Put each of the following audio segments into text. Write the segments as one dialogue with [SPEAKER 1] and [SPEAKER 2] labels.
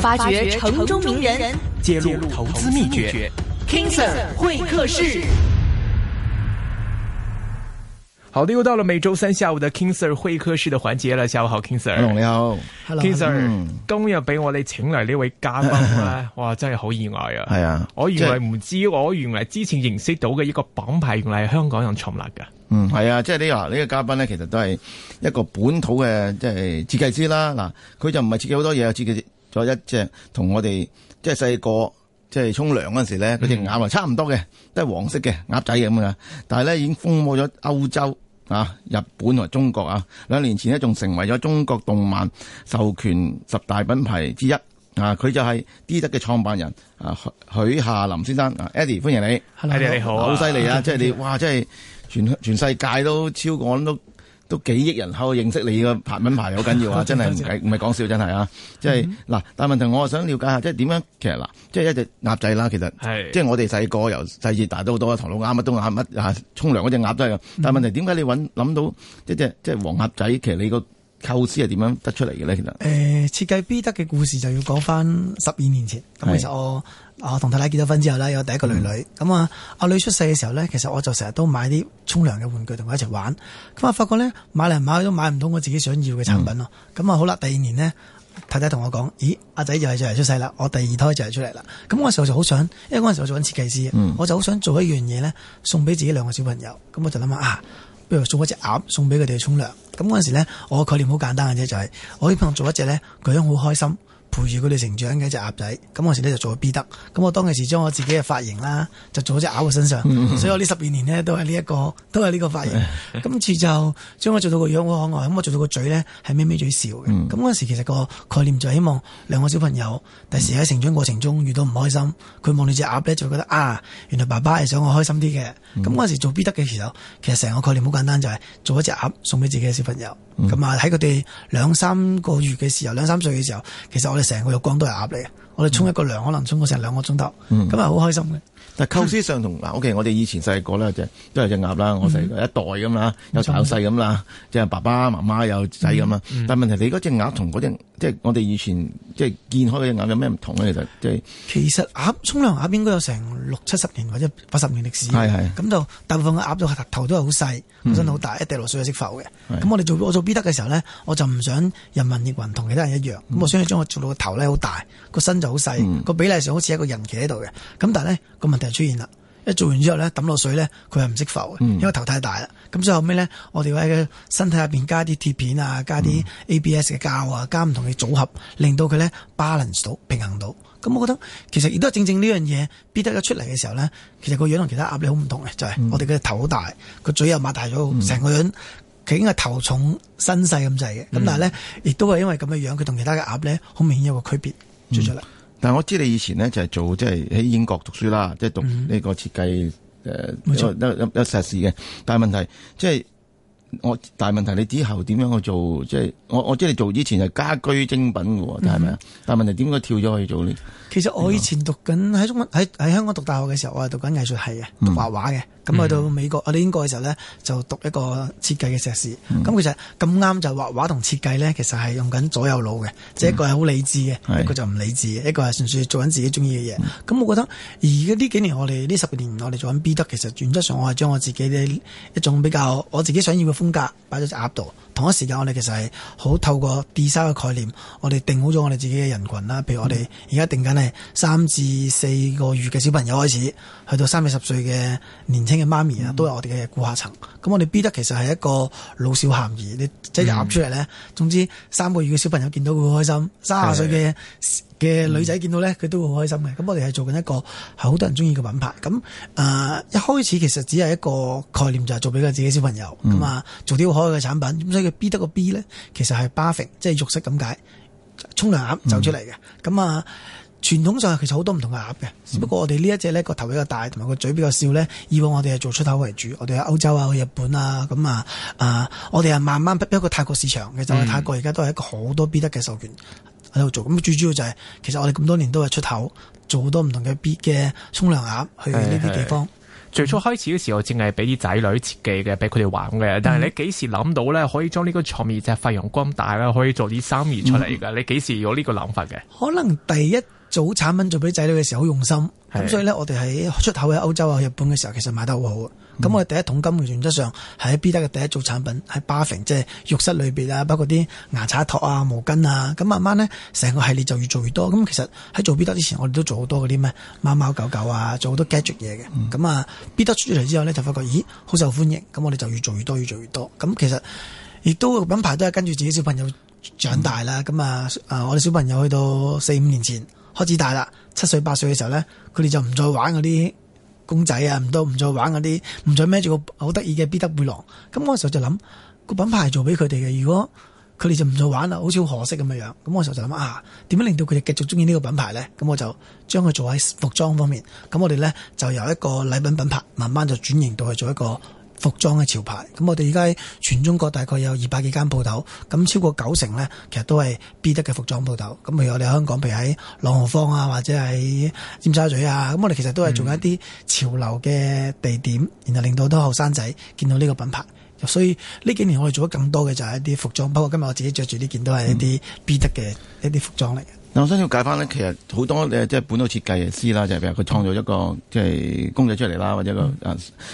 [SPEAKER 1] 發掘城中名人，揭露投資秘訣。King Sir 會客室，好的，又到了每周三下午的 King Sir 會客室的環節了。下午好，King Sir。Hello, 你好，Hello，King Sir Hello,、嗯。今日俾我哋請來呢位嘉賓、啊， 哇，真係好意外啊！
[SPEAKER 2] 係啊，我原來
[SPEAKER 1] 唔知，我原來之前認識到嘅一個品牌，原來
[SPEAKER 2] 係香港人創立嘅。嗯，係啊，嗯、即係呢個呢個嘉賓呢，其實都係一個本土嘅即係設計師啦。嗱，佢就唔係設計好多嘢啊，設計。一隻同我哋即係細個即係沖涼嗰陣時咧，嗰隻鴨係差唔多嘅，都係黃色嘅鴨仔咁嘅。但係咧已經風靡咗歐洲啊、日本同埋中國啊。兩年前呢，仲成為咗中國動漫授權十大品牌之一啊！佢就係 B.Duck 嘅創辦人啊，許許夏林先生啊，Eddie 歡迎你，Hello，你好，好犀利啊！即係你，啊、是哇！即係全全世界都超過我諗都。都幾億人口認識你個鴨品牌好緊要啊！ 真係唔係，唔係講笑，真係啊！即係嗱，但係問題我想了解下，即係點樣？其實嗱，即係一隻鴨仔啦，其實是即係我哋細個由細至大都好多，唐老鴨乜都嚇乜嚇，沖涼嗰隻鴨都係噶。但係問題點解 你揾諗到一隻即係黃鴨仔？其實你個。構思係點樣得出嚟嘅呢？其實誒，
[SPEAKER 3] 設計 B 得嘅故事就要講翻十二年前。咁是其實我我同太太結咗婚之後呢，有第一個女女。咁、嗯、啊，阿女出世嘅時候呢，其實我就成日都買啲沖涼嘅玩具同佢一齊玩。咁啊，發覺呢，買嚟買去都買唔到我自己想要嘅產品咯。咁啊、嗯，好啦，第二年呢，太太同我講：咦，阿仔又係就嚟出世啦，我第二胎就係出嚟啦。咁嗰陣時候我就好想，因為嗰陣時我做緊設計師，嗯、我就好想做一樣嘢呢，送俾自己兩個小朋友。咁我就諗下。啊！不如送一隻鴨送畀佢哋去沖涼，咁嗰陣時咧，我嘅概念好簡單嘅啫，就係、是、我希望做一隻咧，佢樣好開心，陪住佢哋成長嘅一隻鴨仔，咁嗰時咧就做咗 B 得，咁我當其時將我自己嘅髮型啦，就做咗隻鴨嘅身上， 所以我呢十二年呢，都係呢一個，都係呢個髮型。今 次就將我做到個樣好可愛，咁我做到個嘴咧係眯眯嘴笑嘅。咁嗰 時其實個概念就係希望兩個小朋友，第時喺成長過程中遇到唔開心，佢望你隻鴨咧就會覺得啊，原來爸爸係想我開心啲嘅。咁嗰時做 B 得嘅時候，其實成個概念好簡單，就係做一隻鴨送俾自己嘅小朋友。咁啊，喺佢哋兩三個月嘅時候，兩三歲嘅時候，其實我哋成個浴缸都係鴨嚟嘅。我哋沖一個涼可能沖咗成兩個鐘頭，咁啊好開心嘅。但構
[SPEAKER 2] 思上同嗱，OK，我哋以前細個咧就都係隻鴨啦，我細、嗯、一代咁啦，有大有細咁啦，嗯、即係爸爸媽媽有仔咁啦。嗯、但問題你嗰隻鴨同嗰隻，即係我哋以前即係見開嘅鴨有咩唔同呢？其實即係
[SPEAKER 3] 其實鴨沖涼鴨應該有成六七十年或者八十年歷史，咁是就大部分嘅鴨個頭都係好細，個身好大，嗯、一掉落水又識浮嘅。咁是我哋做我做 B 得嘅時候呢，我就唔想人云亦云同其他人一樣，咁、嗯、我希望將我做到個頭咧好大，個身就好細，個、嗯、比例上好似一個人企喺度嘅。咁但係呢，個問題。出現啦，一做完之後咧，抌落水咧，佢係唔識浮嘅，因為頭太大啦。咁所以後屘咧，我哋會喺佢身體入邊加啲鐵片啊，加啲 ABS 嘅膠啊，加唔同嘅組合，令到佢咧 balance 到平衡到。咁我覺得其實亦都係正正呢樣嘢，B 得一出嚟嘅時候咧，其實,正正其實樣其、就是、個樣同其他鴨咧好唔同嘅，就係我哋嘅頭好大，個嘴又擘大咗，成個樣，佢應該頭重身細咁滯嘅。咁但係咧，亦都係因為咁嘅樣，佢同其他嘅鴨咧好明顯有個區別，做出嚟。
[SPEAKER 2] 但係我知你以前呢，就係做即係喺英國讀書啦，即係讀呢個設計誒，冇錯，有有有碩士嘅。但係問題即係。我大問題，你之後點樣去做？即係我我知你做之前係家居精品嘅，係咪啊？但係問題，點解跳咗去做呢、呢個？
[SPEAKER 3] 其實我以前讀緊喺中喺喺香港讀大學嘅時候，我讀藝術系、嗯、讀緊藝術系嘅，讀畫畫嘅。咁去到美國，我哋、嗯、英國嘅時候呢，就讀一個設計嘅碩士。咁、嗯、其實咁啱就畫畫同設計呢，其實係用緊左右腦嘅，即、就、係、係、一個係好理智嘅，一個就唔理智嘅，一個係純粹做緊自己中意嘅嘢。咁、嗯、我覺得而家呢幾年我哋呢十年我哋做緊 B 得。其實原則上我係將我自己嘅一種比較我自己想要嘅。風格擺咗隻鴨度。同一時間，我哋其實係好透過 design 嘅概念，我哋定好咗我哋自己嘅人群啦。譬如我哋而家定緊係三至四個月嘅小朋友開始，去到三四十歲嘅年輕嘅媽咪啊，都係我哋嘅顧客層。咁我哋 B 得其實係一個老少咸宜，嗯、你即係攬出嚟呢。嗯、總之三個月嘅小朋友見到佢好開心，三十歲嘅嘅女仔見到呢，佢都會好開心嘅。咁我哋係做緊一個係好多人中意嘅品牌。咁啊、呃，一開始其實只係一個概念，就係、是、做俾佢自己小朋友咁啊，嗯、做啲好可愛嘅產品。B 得個 B 咧，其實係 buffing，即係肉色咁解，沖涼鴨走出嚟嘅。咁啊、嗯，傳統上其實好多唔同嘅鴨嘅，只、嗯、不過我哋呢一隻咧個頭比較大，同埋個嘴比較少咧，以往我哋係做出口為主，我哋喺歐洲啊、去日本啊，咁啊啊，我哋係慢慢逼一個泰國市場嘅，就係泰國而家都係一個好多 B 得嘅授權喺度做。咁最主要就係，其實我哋咁多，嗯就是，多年都係出口，做好多唔同嘅 B 嘅沖涼鴨去呢啲地方。嗯嗯
[SPEAKER 1] 最初開始嘅時候，淨係俾啲仔女設計嘅，俾佢哋玩嘅。但係你幾時諗到咧，可以將呢個創意即係發揚光大咧，可以做啲生意出嚟嘅？嗯、你幾時有呢個諗法嘅？
[SPEAKER 3] 可能第一組產品做俾仔女嘅時候好用心，咁是所以咧，我哋喺出口喺歐洲啊、日本嘅時候，其實賣得好好。咁、嗯、我哋第一桶金嘅原則上係喺 B 得嘅第一組產品，喺 b a r v i n 即係浴室裏邊啊，包括啲牙刷托啊、毛巾啊。咁慢慢呢，成個系列就越做越多。咁其實喺做 B 得之前，我哋都做好多嗰啲咩貓貓狗狗啊，做好多 gadget 嘢嘅。咁、嗯、啊，B 得出咗嚟之後呢，就發覺咦好受歡迎。咁我哋就越做越多，越做越多。咁其實亦都品牌都係跟住自己小朋友長大啦。咁啊、嗯、啊，我哋小朋友去到四五年前開始大啦，七歲八歲嘅時候呢，佢哋就唔再玩嗰啲。公仔啊，唔都唔再玩嗰啲，唔再孭住個好得意嘅 B.Duck 背囊，咁我時候就諗，個品牌係做俾佢哋嘅，如果佢哋就唔再玩啦，好似好可惜咁樣樣，咁我時候就諗啊，點樣令到佢哋繼續中意呢個品牌咧？咁我就將佢做喺服裝方面，咁我哋咧就由一個禮品品牌，慢慢就轉型到去做一個。服裝嘅潮牌，咁我哋而家全中國大概有二百幾間鋪頭，咁超過九成呢，其實都係 B 得嘅服裝鋪頭。咁譬如我哋香港，譬如喺朗豪坊啊，或者喺尖沙咀啊，咁我哋其實都係做一啲潮流嘅地點，然後令到好多後生仔見到呢個品牌。所以呢幾年我哋做得更多嘅就係一啲服裝，包括今日我自己着住呢件都係一啲 B 得嘅一啲服裝嚟。
[SPEAKER 2] 我先要解翻咧，其實好多誒，即係本土設計師啦，就係譬如佢創造一個即係、就是、公仔出嚟啦，或者個佢、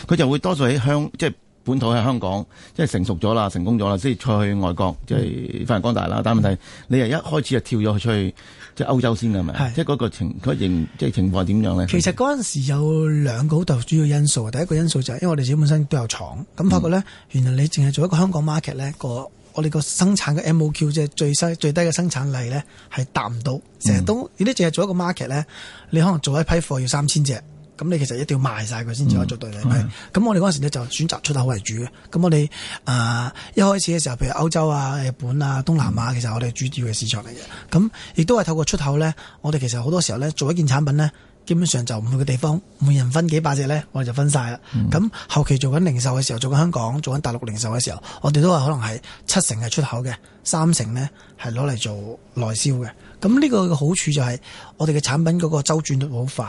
[SPEAKER 2] 嗯、就會多數喺香，即係本土喺香港，即係成熟咗啦，成功咗啦，先再去外國，即係發揚光大啦。但係問題，你又一開始就跳咗去出去即係歐洲先嘅，咪是？即係嗰個情，嗰、那個形，即係情況點樣咧？其實
[SPEAKER 3] 嗰陣時有兩個好大主要因素，第一個因素就係因為我哋自己本身都有廠，咁發覺咧，嗯、原來你淨係做一個香港 market 咧、那個。我哋個生產嘅 MOQ 即係最細最低嘅生產力咧，係達唔到，成日、嗯、都你都淨係做一個 market 咧，你可能做一批貨要三千隻，咁你其實一定要賣晒佢先至可以做對地批。咁、嗯、是我哋嗰陣時咧就選擇出口為主嘅。咁我哋啊、呃、一開始嘅時候，譬如歐洲啊、日本啊、東南亞，嗯、其實我哋主要嘅市場嚟嘅。咁亦都係透過出口咧，我哋其實好多時候咧做一件產品咧。基本上就唔同嘅地方每人分幾百隻呢，我哋就分晒啦。咁、嗯、後期做緊零售嘅時候，做緊香港、做緊大陸零售嘅時候，我哋都係可能係七成係出口嘅，三成呢係攞嚟做內銷嘅。咁呢個嘅好處就係、是、我哋嘅產品嗰個週轉率好快。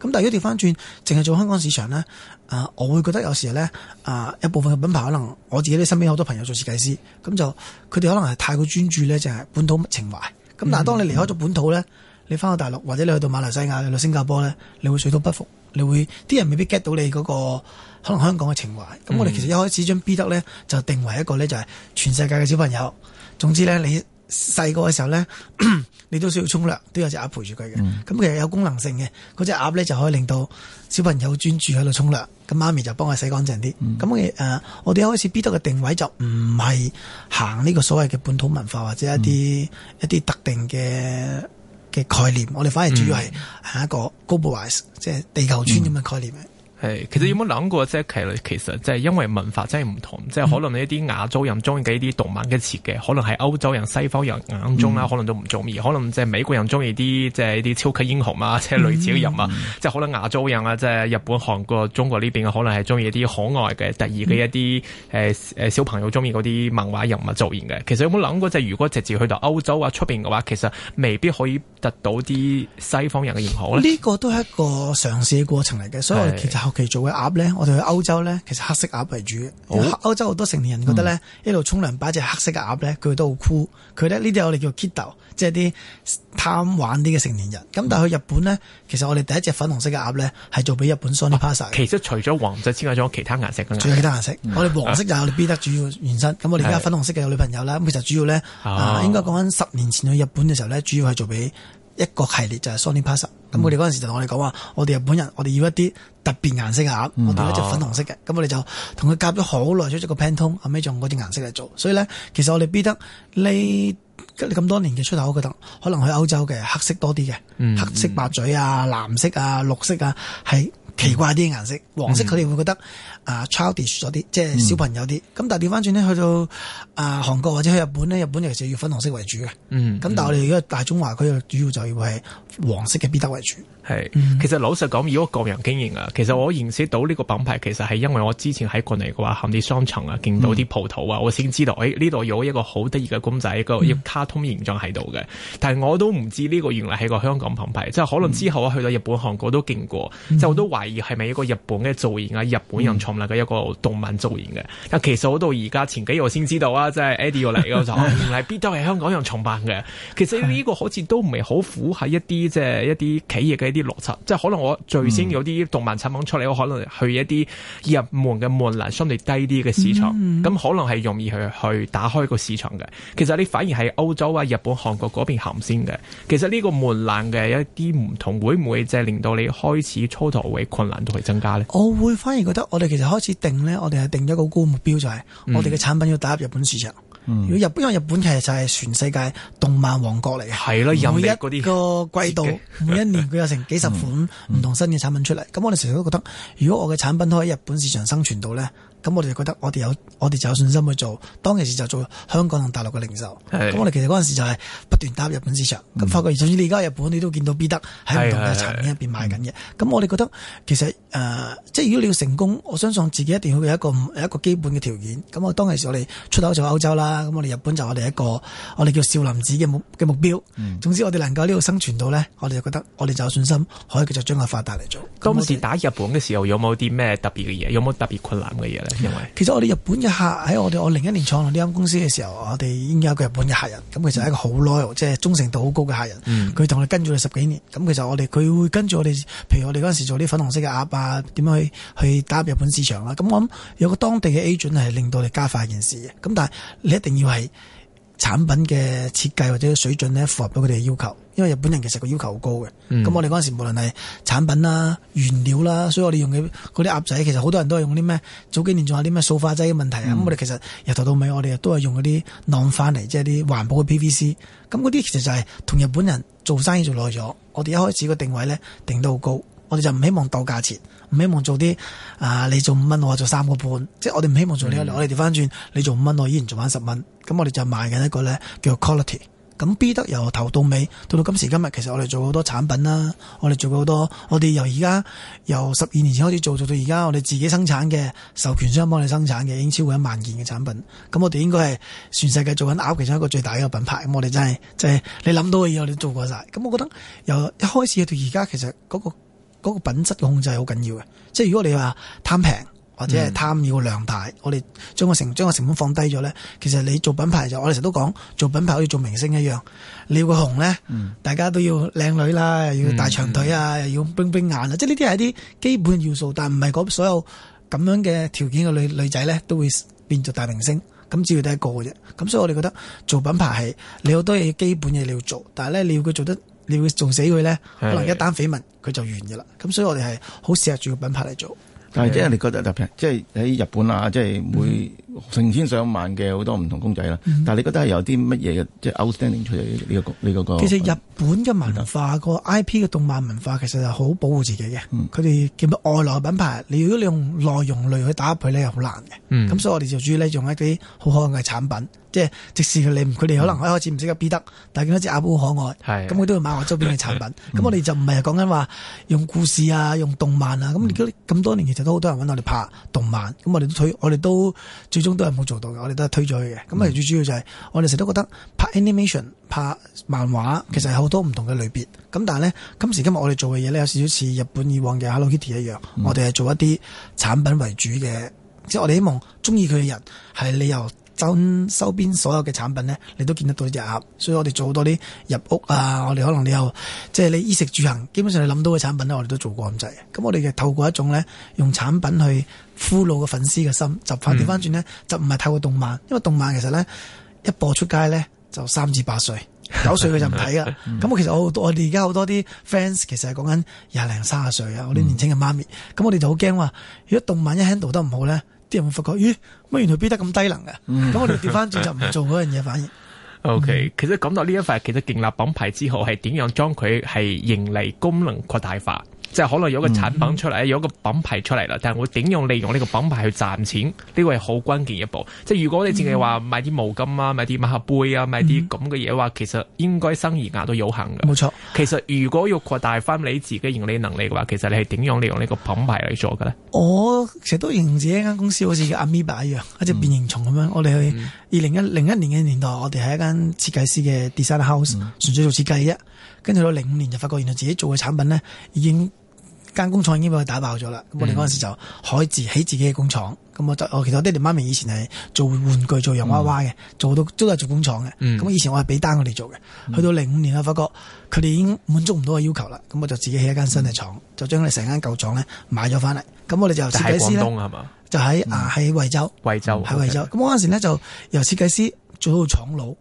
[SPEAKER 3] 咁但係如果掉翻轉，淨係做香港市場呢，啊、呃，我會覺得有時候呢，啊、呃，一部分嘅品牌可能我自己啲身邊好多朋友做設計師，咁就佢哋可能係太過專注呢，就係、是、本土情懷。咁但係當你離開咗本土呢。嗯嗯嗯你翻到大陸，或者你去到馬來西亞、去到新加坡呢，你會水土不服，你會啲人未必 get 到你嗰、那個可能香港嘅情懷。咁、嗯、我哋其實一開始將 B 得呢，就定為一個呢，就係全世界嘅小朋友。總之呢，你細個嘅時候呢，你都需要沖涼，都有隻鴨陪住佢嘅。咁、嗯、其實有功能性嘅嗰隻鴨呢，就可以令到小朋友專注喺度沖涼。咁媽咪就幫佢洗乾淨啲。咁嘅誒，我哋一開始 B 得嘅定位就唔係行呢個所謂嘅本土文化或者一啲、嗯、一啲特定嘅。嘅概念，我哋反而主要係下一個 globalise、嗯、即係地球村咁嘅概念、嗯
[SPEAKER 1] 係，其實有冇諗過即係其實，即係因為文化真係唔同，即係、嗯、可能呢一啲亞洲人中意嘅一啲動漫嘅設計，可能係歐洲人、西方人眼中啦、嗯，可能都唔中意。可能即係美國人中意啲即係一啲超級英雄啊，即係類似嘅人物。即係、嗯、可能亞洲人啊，即係日本、韓國、中國呢邊，可能係中意啲可愛嘅、得意嘅一啲誒誒小朋友中意嗰啲漫畫人物造型嘅。其實有冇諗過，即係如果直接去到歐洲啊出邊嘅話，其實未必可以達到啲西方人嘅認可咧。呢
[SPEAKER 3] 個都係一個嘗試嘅過程嚟嘅，所以其實是。其實我哋做嘅鴨呢，我哋去歐洲呢，其實黑色鴨為主嘅。歐洲好多成年人覺得呢，嗯、一路沖涼擺隻黑色嘅鴨呢，佢都好酷。佢呢啲我哋叫 kiddo，即係啲貪玩啲嘅成年人。咁但係去日本呢，嗯、其實我哋第一隻粉紅色嘅鴨呢，係做俾日本 sony pass 嘅、啊。
[SPEAKER 1] 其實除咗黃色之外，仲有其他顏色嘅。仲有其他顏色，嗯、我哋黃色就我
[SPEAKER 3] 哋 B 得主要原身。咁、啊、我哋而家粉紅色嘅有女朋友啦。咁其實主要呢，啊、應該講緊十年前去日本嘅時候呢，主要係做俾。一個系列就係 Sony Pass，咁佢哋嗰陣時就同我哋講話，我哋日本人，我哋要一啲特別顏色嘅鴨，嗯啊、我哋一隻粉紅色嘅，咁我哋就同佢夾咗好耐，出咗個 Pantone，後尾就用嗰啲顏色嚟做，所以咧其實我哋 B 得呢咁多年嘅出口，覺得可能喺歐洲嘅黑色多啲嘅，嗯嗯黑色白嘴啊、藍色啊、綠色啊係。奇怪啲顏色，黃色佢哋會覺得、嗯、啊 childish 咗啲，即係小朋友啲。咁、嗯、但係調翻轉呢，去到啊韓國或者去日本呢，日本其實要粉紅色為主嘅、嗯。嗯，咁但係我哋如果大中華區主要就要係。黃色嘅 B 豆為主，
[SPEAKER 1] 係，其實老實講，如果個人經營啊。其實我認識到呢個品牌，其實係因為我之前喺過嚟嘅話，行啲商場啊，見到啲葡萄啊，嗯、我先知道，誒呢度有一個好得意嘅公仔，一個卡通形象喺度嘅。但係我都唔知呢個原來係個香港品牌，即係可能之後我去到日本、韓國都見過，即係我都懷疑係咪一個日本嘅造型啊，日本人創立嘅一個動漫造型嘅。但其實我到而家前幾日我先知道啊，即係 Eddie 要嚟嘅時候， 原來 B 豆係香港人重辦嘅。其實呢個好似都唔係好符合一啲。即係一啲企業嘅一啲邏輯，即係可能我最先有啲動漫產品出嚟，嗯、我可能去一啲入門嘅門檻相對低啲嘅市場，咁、嗯、可能係容易去去打開個市場嘅。其實你反而係歐洲啊、日本、韓國嗰邊行先嘅。其實呢個門檻嘅一啲唔同，會唔會即係令到你開始操作嘅困難度增加呢？
[SPEAKER 3] 我會反而覺得，我哋其實開始定呢，我哋係定咗一個高目標，就係我哋嘅產品要打入日本市場。嗯嗯如果日本，嗯、因為日本其實就係全世界動漫王國嚟嘅，的每一個季度、己每一年佢有成幾十款唔同新嘅產品出嚟，咁、嗯嗯、我哋成日都覺得，如果我嘅產品都喺日本市場生存到咧。咁我哋就覺得我哋有我哋就有信心去做。當其時就做香港同大陸嘅零售。咁的我哋其實嗰陣時就係不斷打入日本市場。咁、嗯、發覺，甚至你而家日本，你都見到必得喺唔同嘅層面入邊賣緊嘢。咁的我哋覺得其實誒、呃，即係如果你要成功，我相信自己一定要有一個有一個基本嘅條件。咁我當其時我哋出口就歐洲啦。咁我哋日本就我哋一個我哋叫少林寺嘅目嘅目標。嗯、總之我哋能夠呢度生存到呢，我哋就覺得我哋就有信心可以繼續將個發達嚟做。嗯、當時
[SPEAKER 1] 打日本嘅時候有有，有冇啲咩特別嘅嘢？有冇特別困難嘅嘢呢？因
[SPEAKER 3] 其實我哋日本嘅客喺我哋我零一年創立呢間公司嘅時候，我哋已經有一個日本嘅客人，咁其實係一個好 loyal，即係忠誠度好高嘅客人。佢同、嗯、我跟住你十幾年，咁其實我哋佢會跟住我哋，譬如我哋嗰陣時做啲粉紅色嘅鴨啊，點樣去去打入日本市場啦。咁我諗有個當地嘅 agent 係令到你加快件事嘅。咁但係你一定要係產品嘅設計或者水準呢，符合到佢哋嘅要求。因為日本人其實個要求好高嘅，咁、嗯、我哋嗰陣時無論係產品啦、原料啦，所以我哋用嘅嗰啲鴨仔，其實好多人都係用啲咩？早幾年仲有啲咩塑化劑嘅問題啊！咁、嗯、我哋其實由頭到尾我，我哋都係用嗰啲晾返嚟，即係啲環保嘅 PVC。咁嗰啲其實就係同日本人做生意做耐咗。我哋一開始個定位咧定得好高，我哋就唔希望鬥價錢，唔希望做啲啊、呃、你做五蚊，我做三個半，即、就、係、是、我哋唔希望做呢、這、樣、個。嗯、我哋調翻轉，你做五蚊，我依然做翻十蚊，咁我哋就賣緊一個咧叫做 quality。咁 B 得由頭到尾，到到今時今日，其實我哋做好多產品啦，我哋做過好多，我哋由而家由十二年前開始做，做到而家，我哋自己生產嘅授權商幫你生產嘅，已經超過一萬件嘅產品。咁我哋應該係全世界做緊鈎其中一個最大嘅品牌。咁我哋真係，就係你諗到嘅嘢，我哋都做過晒。咁我覺得由一開始到而家，其實嗰個嗰個品質控制好緊要嘅。即係如果你話貪平。或者係貪要量大，嗯、我哋將個成將個成本放低咗咧。其實你做品牌就，我哋成都講做品牌好似做明星一樣，你要個紅咧，嗯、大家都要靚女啦，又要大長腿啊，嗯、又要冰冰眼啊。即係呢啲係啲基本要素，但唔係所有咁樣嘅條件嘅女女仔咧都會變做大明星。咁只要得一個嘅啫。咁所以我哋覺得做品牌係你好多嘢基本嘢你要做，但係咧你要佢做得，你要做死佢咧，的可能一單緋聞佢就完嘅啦。咁所以我哋係好錫住個品牌嚟做。但係即係你
[SPEAKER 2] 覺得特別，即係喺日本啊，即係每。成千上萬嘅好多唔同公仔啦，嗯、哼但係你覺得係有啲乜嘢嘅？即、就、係、是、outstanding 出嚟呢個呢個個？這個、其實日
[SPEAKER 3] 本嘅文化個 I P 嘅動漫文化其實係好保護自己嘅，佢哋見到外來品牌，你如果你用內容類去打佢咧，又好難嘅。咁、嗯、所以我哋就主要咧用一啲好可愛嘅產品，即係、嗯、即使佢哋可能一開始唔識得 B 得，嗯、但係見到隻阿寶好可愛，咁佢的都會買我周邊嘅產品。咁、嗯嗯、我哋就唔係講緊話用故事啊，用動漫啊。咁而家咁多年，其實都好多人揾我哋拍動漫。咁我哋都推，我哋都都係冇做到嘅，我哋都係推咗佢嘅。咁啊，最主要就係、是嗯、我哋成日都覺得拍 animation、拍漫畫，其實係好多唔同嘅類別。咁但係咧，今時今日我哋做嘅嘢咧，有少少似日本以往嘅 Hello Kitty 一樣，我哋係做一啲產品為主嘅，嗯、即係我哋希望中意佢嘅人係你由。周邊所有嘅產品呢，你都見得到呢隻鴨，所以我哋做好多啲入屋啊！我哋可能你又即係你衣食住行，基本上你諗到嘅產品呢，我哋都做過咁滯。咁、就是、我哋就透過一種呢，用產品去俘虜個粉絲嘅心。就反調翻轉呢，就唔係透過動漫，因為動漫其實呢，一播出街呢，就三至八歲、九歲佢就唔睇啦。咁、 嗯、其實我我哋而家好多啲 fans 其實係講緊廿零、三十歲啊，我啲年輕嘅媽咪。咁、嗯、我哋就好驚話，如果動漫一 handle 得唔好呢。啲人會發覺，咦，乜原來 B 得咁低能嘅？咁 我哋調翻轉就唔做嗰樣嘢反而。OK，嗯，
[SPEAKER 1] 其實講到呢一塊，其實建立品牌之後係點樣將佢係盈利功能擴大化？即係可能有個產品出嚟，mm hmm. 有一個品牌出嚟啦。但係我點樣利用呢個品牌去賺錢？呢個係好關鍵一步。即係如果你淨係話買啲毛巾啊，mm hmm. 買啲馬克杯啊，買啲咁嘅嘢話，其實應該生意額都有限嘅。冇錯錯。其實如果要擴大翻你自己盈利能力嘅話，其實你係點樣利用呢個品牌嚟做嘅咧？
[SPEAKER 3] 我成日都形容自己一間公司好似阿咪巴一樣，一隻變形蟲咁樣。Mm hmm. 我哋去二零一零一年嘅年代，我哋係一間設計師嘅 design house，純、mm hmm. 粹做設計啫。跟住到零五年就發覺，原來自己做嘅產品呢，已經間工廠已經俾佢打爆咗啦。我哋嗰陣時就開自起自己嘅工廠。咁我就我其實我爹哋媽咪以前係做玩具做洋娃娃嘅，做到都係做工廠嘅。咁以前我係俾單我哋做嘅。去到零五年啦，發覺佢哋已經滿足唔到嘅要求啦。咁我就自己起一間新嘅廠，就將佢哋成間舊廠呢買咗翻嚟。咁我哋就設計師
[SPEAKER 1] 咧，
[SPEAKER 3] 就喺啊，喺惠州，惠州喺惠州。咁嗰陣時咧就由設計師做到廠佬。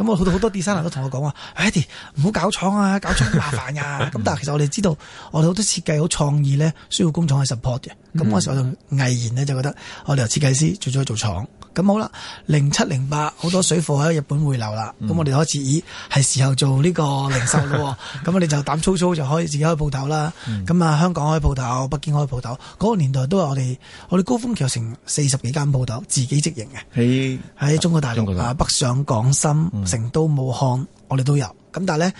[SPEAKER 3] 咁我好多好多 designer 都同我講話，e 哎迪唔好搞廠啊，搞廠麻煩啊，咁 但係其實我哋知道，我哋好多設計好創意咧，需要工廠去 support 嘅。咁嗰時我就毅然咧就覺得，我哋由設計師最做咗去做廠。咁好啦，零七零八，好多水貨喺日本回流啦，咁、嗯、我哋開始，自己係時候做呢個零售咯，咁 我哋就膽粗粗就可以自己開鋪頭啦，咁啊、嗯、香港開鋪頭，北京開鋪頭，嗰、那個年代都係我哋，我哋高峰期有成四十幾間鋪頭自己直營嘅，喺喺在中國大陸北上廣深、嗯、成都、武漢，我哋都有，咁但係呢。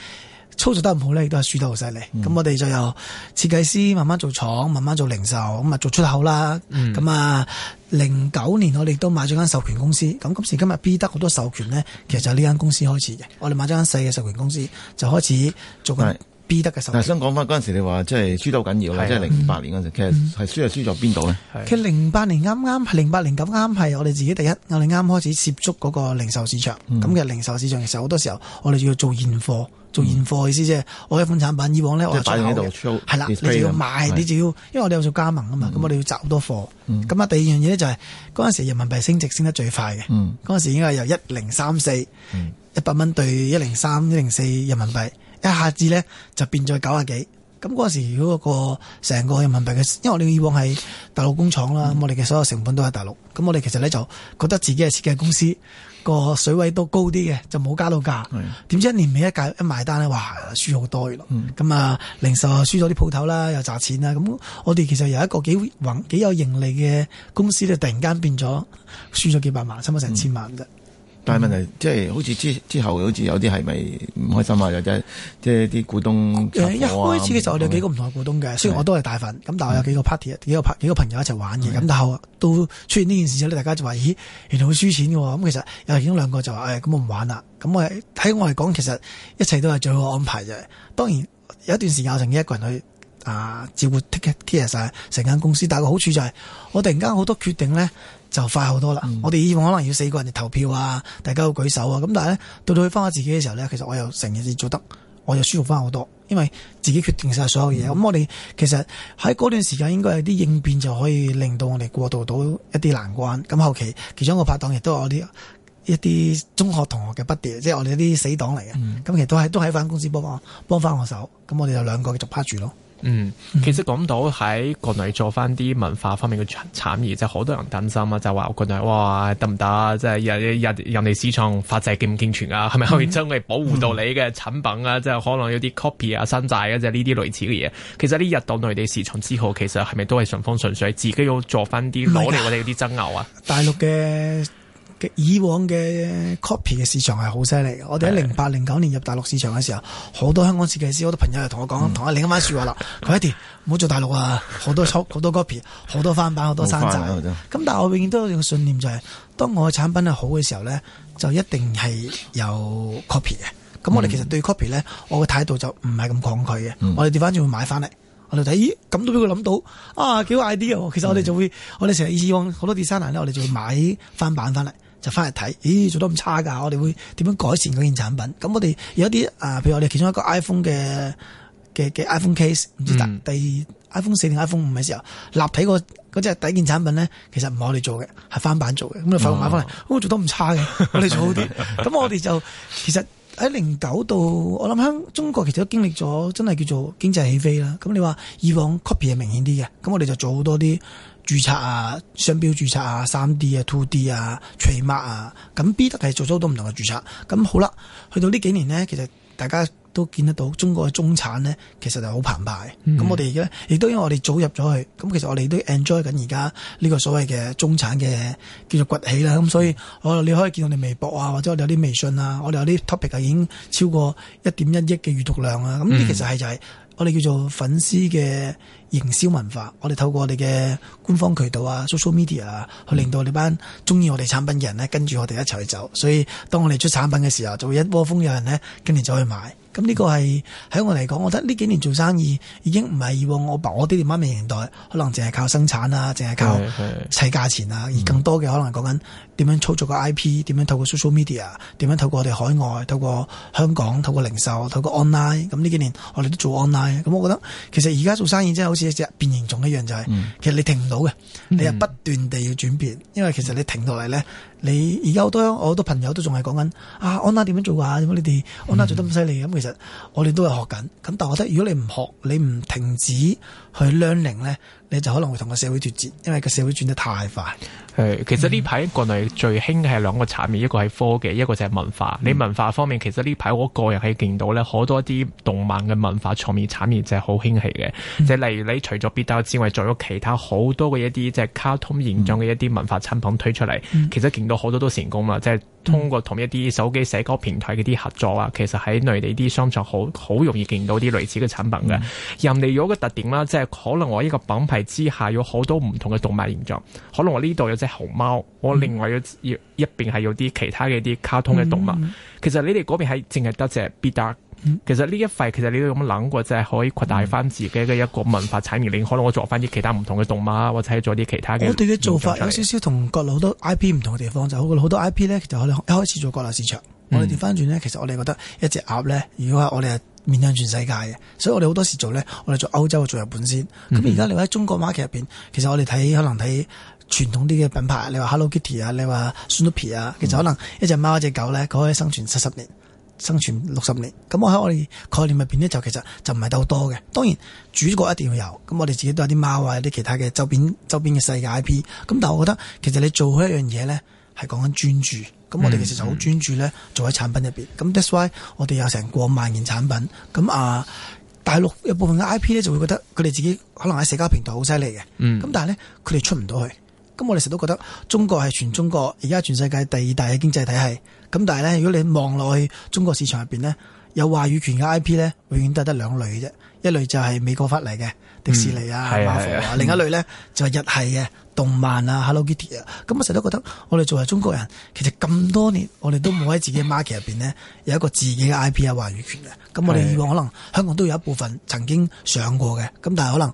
[SPEAKER 3] 操作得唔好咧，亦都係輸得好犀利。咁、嗯、我哋就由設計師慢慢做廠，慢慢做零售，咁啊做出口啦。咁、嗯、啊，零九年我哋都買咗間授權公司。咁今時今日 B 得好多授權呢，其實就係呢間公司開始嘅。我哋買咗間細嘅授權公司，就開始做緊 B 得嘅授權。
[SPEAKER 2] 但想講翻嗰陣時，你話即係輸得好緊要咧，即係零八年嗰陣，嗯、其實係輸係輸咗邊度呢？嗯、是其實
[SPEAKER 3] 零八年啱啱係零八年咁啱係我哋自己第一，我哋啱開始涉足嗰個零售市場。咁嘅、嗯、零售市場其實好多時候我哋要做現貨。做現貨嘅意思即係，我一款產品以往咧我出係啦，你就要賣，的你就要，因為我哋有做加盟啊嘛，咁、嗯、我哋要集好多貨。咁啊、嗯，第二樣嘢咧就係嗰陣時人民幣升值升得最快嘅。嗰陣、嗯、時應該由一零三四，一百蚊兌一零三一零四人民幣，一下子咧就變咗九啊幾。咁嗰陣時如果個成個人民幣嘅，因為我哋以往係大陸工廠啦，嗯、我哋嘅所有成本都喺大陸。咁我哋其實咧就覺得自己係設計公司。個水位都高啲嘅，就冇加到價。點知是的 一年尾一屆一埋單咧，哇，輸好多咯。咁啊、嗯嗯，零售啊，輸咗啲鋪頭啦，又賺錢啦。咁、嗯、我哋其實由一個幾穩、幾有盈利嘅公司咧，就突然間變咗，輸咗幾百萬，差唔多成千萬嘅。嗯
[SPEAKER 2] 但係問題即係好似之之後，好似有啲係咪唔開心啊？有即即係啲股東，一開始我哋幾個唔同
[SPEAKER 3] 嘅股東嘅，是的 雖然我都係大份，咁但係我有幾個 party，幾個朋幾個朋友一齊玩嘅，咁是的 但係都出現呢件事之後，大家就話咦，原來好輸錢嘅，咁其實有其中兩個就話誒，咁、哎、我唔玩啦。咁我喺我嚟講，其實一切都係最好安排嘅。當然有一段時間我曾經一個人去啊照顧 take care 晒成間公司，但係個好處就係、是、我突然間好多決定呢。就快好多啦！嗯、我哋以往可能要四個人嚟投票啊，大家舉手啊，咁但係呢，到到佢翻我自己嘅時候呢，其實我又成件事做得，我又舒服翻好多，因為自己決定晒所有嘢。咁、嗯嗯、我哋其實喺嗰段時間應該係啲應變就可以令到我哋過渡到一啲難關。咁、嗯嗯、後期其中一個拍檔亦都有啲一啲中學同學嘅不跌，即、就、係、是、我哋啲死黨嚟嘅。咁、嗯嗯、其實都係都喺翻公司幫我幫翻我手，咁我哋就兩個繼續拍住咯。
[SPEAKER 1] 嗯，其實講到喺國內做翻啲文化方面嘅產產業，即係好多人擔心啊，就話國內哇得唔得啊？即係日日人哋市場法制健唔健全啊？係咪可以真係保護到你嘅產品啊？即係、嗯、可能有啲 copy 啊、山寨啊，即係呢啲類似嘅嘢。其實呢日到內地市場之後，其實係咪都係順風順水，自己要做翻啲攞嚟我哋啲爭拗
[SPEAKER 3] 啊，啊？大陸嘅。以往嘅 copy 嘅市場係好犀利嘅。我哋喺零八零九年入大陸市場嘅時候，好的多香港設計師好多朋友就同我講，同、嗯、我另一番説話啦。佢一啲唔好做大陸啊，好多抄，好多 copy，好多翻版，好多山寨。咁但係我永遠都有個信念、就是，就係當我嘅產品係好嘅時候咧，就一定係有 copy 嘅。咁、嗯、我哋其實對 copy 咧，我嘅態度就唔係咁抗拒嘅、嗯。我哋調翻轉會買翻嚟，我哋睇，咦，咁都俾佢諗到啊，幾好 idea 喎！其實我哋就會，的我哋成日以往好多 designer 咧，我哋就會買翻版翻嚟。就翻嚟睇，咦，做得唔差㗎？我哋會點樣改善嗰件產品？咁我哋有一啲啊、呃，譬如我哋其中一個 iPhone 嘅嘅嘅 iPhone case，唔、嗯、知第 iPhone 四定 iPhone 五嘅時候，立體個嗰隻第一件產品咧，其實唔係我哋做嘅，係翻版做嘅。咁你發覺買翻嚟，我做得唔差嘅，我哋做好啲。咁我哋就其實喺零九到我諗，香港中國其實都經歷咗真係叫做經濟起飛啦。咁你話以往 copy 係明顯啲嘅，咁我哋就做好多啲。註冊啊，商標註冊啊，三 D 啊，two D 啊，二維碼啊，咁 B 得係做咗好多唔同嘅註冊。咁好啦，去到呢幾年呢，其實大家都見得到中國嘅中產呢，其實就好澎湃。咁、嗯、我哋而家亦都因為我哋早入咗去，咁其實我哋都 enjoy 緊而家呢個所謂嘅中產嘅叫做崛起啦。咁所以我你可以見到你微博啊，或者我哋有啲微信啊，我哋有啲 topic 啊，已經超過一點一億嘅閱讀量啊。咁呢，其實係就係我哋叫做粉絲嘅、嗯。營銷文化，我哋透過我哋嘅官方渠道啊、social media 啊，去令到你班中意我哋產品嘅人咧跟住我哋一齊去走。所以當我哋出產品嘅時候，就會一窩蜂有人咧跟住走去買，咁呢個係，喺、嗯、我嚟講我覺得呢幾年做生意已經唔係以往我爸我爹哋媽咪年代可能淨係靠生產啊，淨係靠砌價錢啊，而更多嘅可能講緊點樣操作個 IP，點樣透過 social media，點樣透過我哋海外、透過香港、透過零售、透過 online。咁呢幾年我哋都做 online，咁我覺得其實而家做生意真係好只只變形仲一樣，就係、嗯、其實你停唔到嘅，你又不斷地要轉變，因為其實你停落嚟咧。嗯你而家好多好多朋友都仲係講緊啊安娜點樣做啊！點解你哋安娜做得咁犀利咁，嗯、其實我哋都係學緊。咁但我覺得如果你唔學，你唔停止去 learning 咧，你就可能會同個社會脱節，因為個社會轉得太快。係，
[SPEAKER 1] 其實呢排國內最興嘅係兩個產業，一個係科技，一個就係文化。嗯、你文化方面，其實呢排我個人係見到咧，好多啲動漫嘅文化創意產業就係好興起嘅。即係、嗯嗯、例如，你除咗必得之外，仲有其他好多嘅一啲即係卡通形象嘅一啲文化產品推出嚟。其實、嗯嗯有好多都成功啦，即係通過同一啲手機社交平台嗰啲合作啊，嗯、其實喺內地啲商場好好容易見到啲類似嘅產品嘅。人哋、嗯、有個特點啦，即係可能我一個品牌之下有好多唔同嘅動物形狀，可能我呢度有隻熊貓，我另外一一邊係有啲其他嘅啲卡通嘅動物。嗯嗯、其實你哋嗰邊係淨係得隻 B.Duck 嗯、其實呢一塊其實你都咁諗過，就係、是、可以擴大翻自己嘅一個文化產業鏈。嗯、可能我做翻啲其他唔同嘅動漫啊，或者做啲其他嘅。我哋嘅做法有少
[SPEAKER 3] 少同國內好多 I P 唔同嘅地方，就好好多 I P 呢，其實可能一開始做國內市場，我哋調翻轉呢，其實我哋、嗯、覺得一隻鴨呢，如果話我哋係面向全世界嘅，所以我哋好多時做呢，我哋做歐洲啊，做日本先。咁而家你喺中國 market 入邊，其實我哋睇可能睇傳統啲嘅品牌，你話 Hello Kitty 啊，你話 Snoopy 啊，你說其實可能一隻貓一隻狗呢，佢可以生存七十年。生存六十年，咁我喺我哋概念入邊呢，就其實就唔係鬥多嘅。當然主角一定要有，咁我哋自己都有啲貓啊，有啲其他嘅周邊周邊嘅世界 IP。咁但係我覺得，其實你做好一樣嘢呢，係講緊專注。咁我哋其實就好專注呢，做喺產品入邊。咁 that's why 我哋有成過萬件產品。咁啊，大陸有部分嘅 IP 呢，就會覺得佢哋自己可能喺社交平台好犀利嘅。嗯。咁但係呢，佢哋出唔到去。咁我哋成日都覺得中國係全中國而家全世界第二大嘅經濟體系。咁但係咧，如果你望落去中國市場入邊呢，有話語權嘅 IP 呢，永遠都係得兩類嘅啫。一類就係美國發嚟嘅、嗯、迪士尼啊、Marvel 啊，另一類呢，就係、是、日系嘅動漫啊、Hello Kitty 啊。咁、嗯嗯嗯、我成日都覺得，我哋作為中國人，其實咁多年，我哋都冇喺自己 market 入邊呢，有一個自己嘅 IP 啊話語權嘅。咁我哋以往的可能香港都有一部分曾經上過嘅，咁但係可能。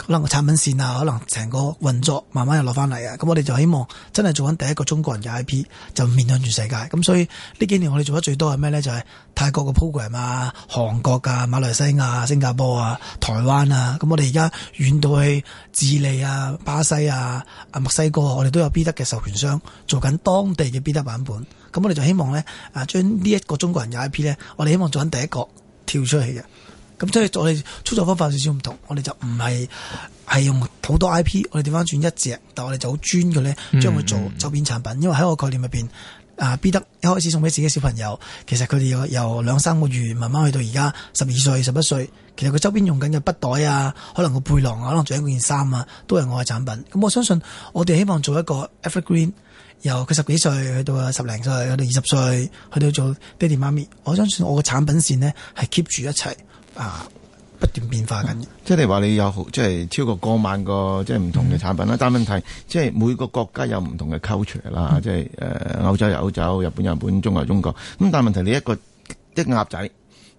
[SPEAKER 3] 可能個產品線啊，可能成個運作慢慢又落翻嚟啊，咁我哋就希望真係做緊第一個中國人嘅 I P 就面向住世界。咁所以呢幾年我哋做得最多係咩呢？就係、是、泰國嘅 program 啊、韓國噶、馬來西亞、新加坡啊、台灣啊，咁我哋而家遠到去智利啊、巴西啊、啊墨西哥，我哋都有 B 得嘅授權商做緊當地嘅 B 得版本。咁我哋就希望呢，啊將呢一個中國人嘅 I P 呢，我哋希望做緊第一個跳出嚟嘅。咁即係我哋操作方法有少少唔同，我哋就唔係係用好多 IP，我哋掉翻轉一隻，但我哋就好專嘅咧，將佢、hmm. 做周邊產品。因為喺我概念入邊，啊、uh, B 得一開始送俾自己小朋友，其實佢哋有由兩三個月慢慢去到而家十二歲、十一歲，其實佢周邊用緊嘅筆袋啊，可能個背囊啊，可能著一件衫啊，都係我嘅產品。咁我相信我哋希望做一個 Evergreen，由佢十幾歲去到十零歲，去到二十歲，去到做爹哋媽咪，我相信我嘅產品線呢，係 keep 住一齊。啊！不斷變化緊、嗯，即係
[SPEAKER 2] 話你，你有即係超過過萬個，即係唔同嘅產品啦。嗯、但係問題，即係每個國家有唔同嘅 culture 啦，嗯、即係誒，歐、呃、洲有歐洲，日本有日本，中國有中國。咁但係問題，你一個一個鴨仔，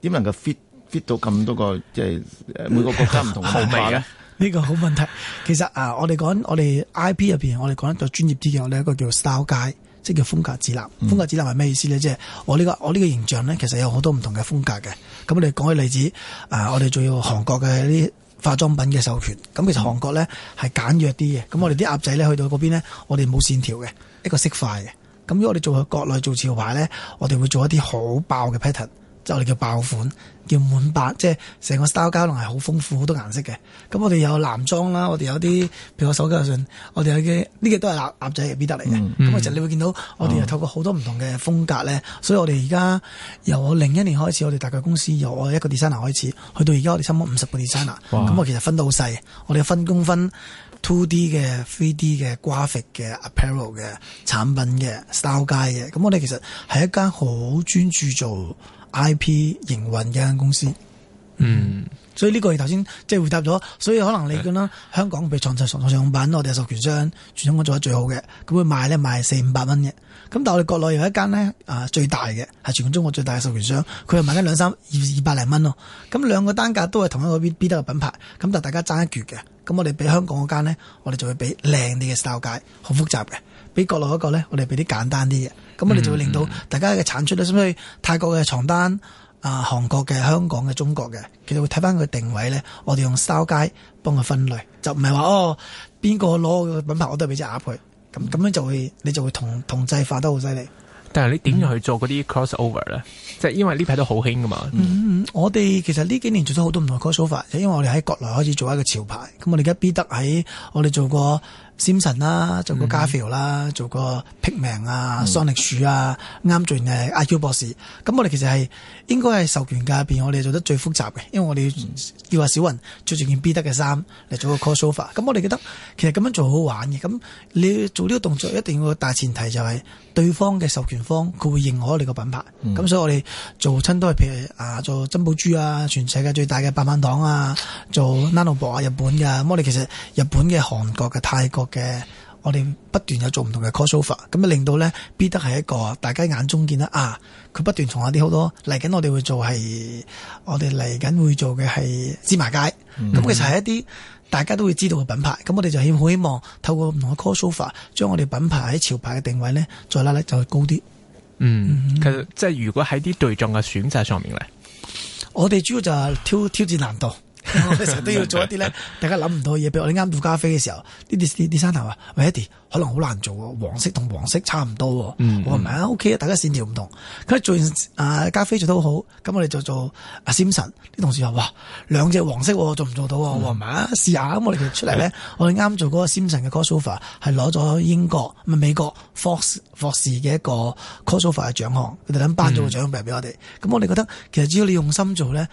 [SPEAKER 2] 點能夠 fit fit 到咁多個，即係每個國家唔同嘅口味咧？
[SPEAKER 3] 呢個好問題。其實啊，我哋講我哋 I P 入邊，我哋講一個專業啲嘅，我哋一個叫做 style guide。即叫風格指南，風格指南係咩意思呢？即係、嗯、我呢、呢個我呢個形象呢，其實有好多唔同嘅風格嘅。咁我哋講起例子，啊、呃，我哋仲要韓國嘅啲化妝品嘅授權。咁其實韓國呢係簡約啲嘅。咁我哋啲鴨仔呢，去到嗰邊呢，我哋冇線條嘅，一個色塊嘅。咁如果我哋做國內做潮牌呢，我哋會做一啲好爆嘅 pattern。就我哋叫爆款，叫滿白，即係成個 style 交隆係好豐富，好多顏色嘅。咁我哋有男裝啦，我哋有啲，譬如我手機上，我哋有啲，呢個都係鴨鴨仔嘅 B 得嚟嘅。咁、嗯嗯、其實你會見到我哋又透過好多唔同嘅風格咧。嗯、所以我哋而家由我零一年開始，我哋大嘅公司由我一個 designer 開始，去到而家我哋差唔多五十個 designer 哇。咁我其實分到好細，我哋分工分 two D 嘅、three D 嘅、graphic 嘅、apparel 嘅產品嘅、style 街嘅。咁我哋其實係一間好專注做，IP 營運嘅間公司，嗯，所以呢個我頭先即係回答咗，所以可能你見啦，是香港被創作創用品，我哋係授權商全中國做得最好嘅，咁佢賣咧賣四五百蚊嘅，咁但係我哋國內有一間咧啊最大嘅，係全中國最大嘅授權商，佢係賣緊兩三二二百零蚊咯，咁兩個單價都係同一個 B B 得嘅品牌，咁但係大家爭一決嘅，咁我哋俾香港嗰間咧，我哋就會俾靚啲嘅 style 界好複雜嘅。俾國內嗰個咧，我哋俾啲簡單啲嘅，咁我哋就會令到大家嘅產出咧。所以、嗯、泰國嘅床單、啊、呃、韓國嘅、香港嘅、中國嘅，其實會睇翻佢定位咧。我哋用收街幫佢分類，就唔係話哦邊個攞嘅品牌我都俾隻鴨佢。咁咁樣就會你就會同同質化得好犀利。
[SPEAKER 1] 但係你點樣去做嗰啲 cross over 咧？即係、嗯、
[SPEAKER 3] 因為呢排都好興㗎嘛。嗯嗯、我哋其實呢幾年做咗好多唔同嘅 cross over，就因為我哋喺國內開始做一個潮牌。咁我哋而家必得喺我哋做過。Simpsons 啦，做個加菲啦，hmm. 做個劈名啊，hmm. 桑力鼠啊，啱做完誒 IQ 博士，咁我哋其實係應該係授權界入邊，我哋做得最複雜嘅，因為我哋要話小雲着住件 B 得嘅衫嚟做個 crossover，咁我哋覺得其實咁樣做好玩嘅。咁你做呢個動作一定要個大前提就係、是。對方嘅授權方佢會認可你個品牌，咁、嗯、所以我哋做親都係譬如啊做珍寶珠啊，全世界最大嘅八萬檔啊，做 Nanobo 啊日本嘅，咁我哋其實日本嘅、韓國嘅、泰國嘅，我哋不斷有做唔同嘅 cosplay 咁啊令到咧，必得係一個大家眼中見得啊！佢不斷同下啲好多嚟緊，我哋會做係我哋嚟緊會做嘅係芝麻街，咁、嗯嗯、其實係一啲。大家都會知道嘅品牌，咁我哋就好希望透過唔同嘅 crossover 將我哋品牌喺潮牌嘅定位咧，再拉咧再高啲。嗯，
[SPEAKER 1] 嗯哼其實即係如果喺啲對象嘅選擇上面咧，
[SPEAKER 3] 我哋主要就係挑挑戰難度。
[SPEAKER 1] 我哋成日都要做一啲
[SPEAKER 3] 咧，大家諗唔到嘢。比如我哋啱做咖啡嘅時候，呢啲呢啲山頭啊，喂 Andy，可能好難做喎，黃色同黃色差唔多喎，嗯、我話唔係啊，O K 啊，okay，大家線條唔同。咁做完啊咖啡做得好好，咁我哋就做阿 Samson 啲同事話哇，兩隻黃色做唔做到啊？嗯嗯、我話唔係啊，試下咁我哋出嚟咧，我哋啱做嗰個 Samson 嘅 Crossover 係攞咗英國咪、嗯、美國 Fox, Fox 霍士嘅一個 Crossover、so、嘅獎項，佢哋諗頒咗個獎俾我哋。咁、嗯、我哋覺得其實只要你用心做咧。